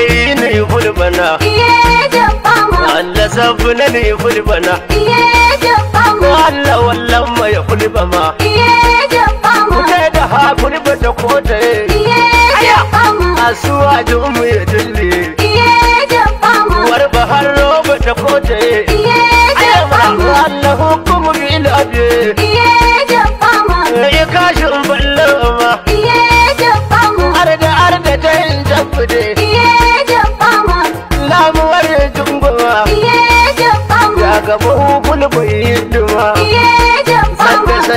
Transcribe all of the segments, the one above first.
yi na yi fulbana Allah sabu na ni fulbana Allah wallan ma fulbama Kuka da ha fulba ta kota ya Asuwa da umu ya dille War bahar roba ta kota ya Allah hukumu bil abye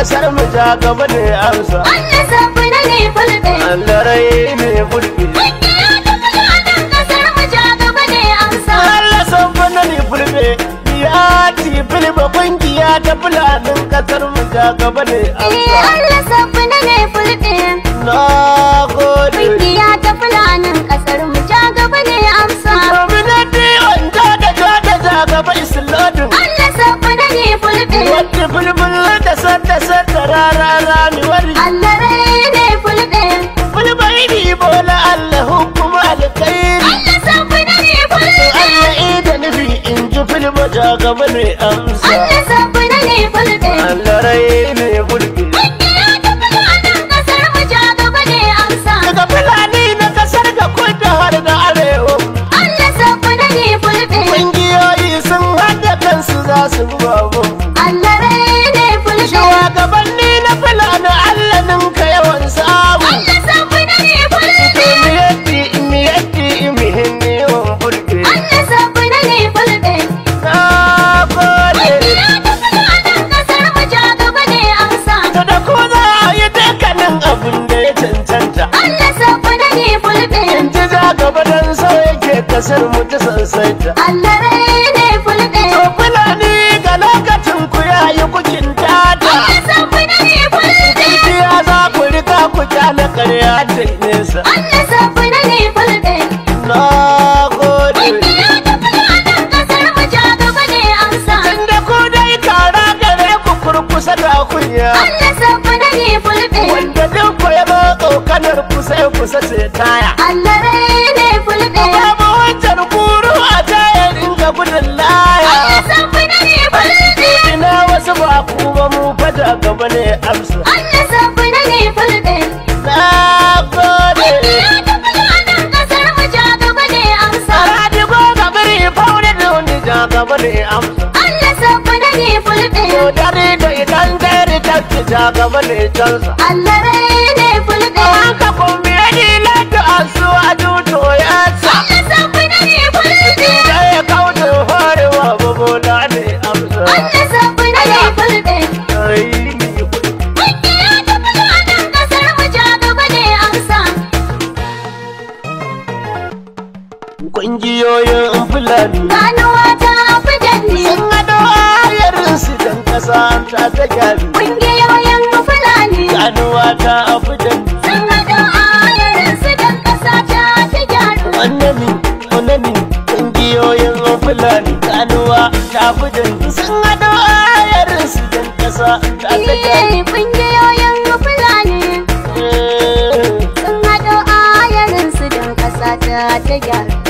kasar mu ja gaba da amsa Allah safi na ne fulbe Allah rai ne fulbe Ya ci filba kungiya ta fulanin kasar mu ja gaba da amsa. Eh, gaba ne amsa Allah sabbana ne fulbe Allah rai ne fulbe kasar mu ta allare ne fulɗe to fulani ga lokacin ku yayi kukin tada san fulani fulɗe za ku rika ku kyale da Allah san na ne amsa da kunya Allah wanda duk ya ba kokanar kusa kusa ce taya Allah amsu Allah sabu na ne ne Indiya ta fito a nan kasar mu ne amsa Alhaji ko ka ne amsa Allah sabu na ne fulɗin idan ta ci ja gaba ne cansa Allah rai ne kun biya na ta asu a rami ganuwa ta fi danni sun hado ayarin su dan kasa ta ta gari kungiyoyin fulani ganuwa ta fi danni sun hado ayarin su dan kasa ta ta gari annami onani kungiyoyin fulani ganuwa ta fi danni sun hado ayarin su dan kasa ta ta gari kungiyoyin fulani eh. sun hado ayarin su dan kasa ta ta gari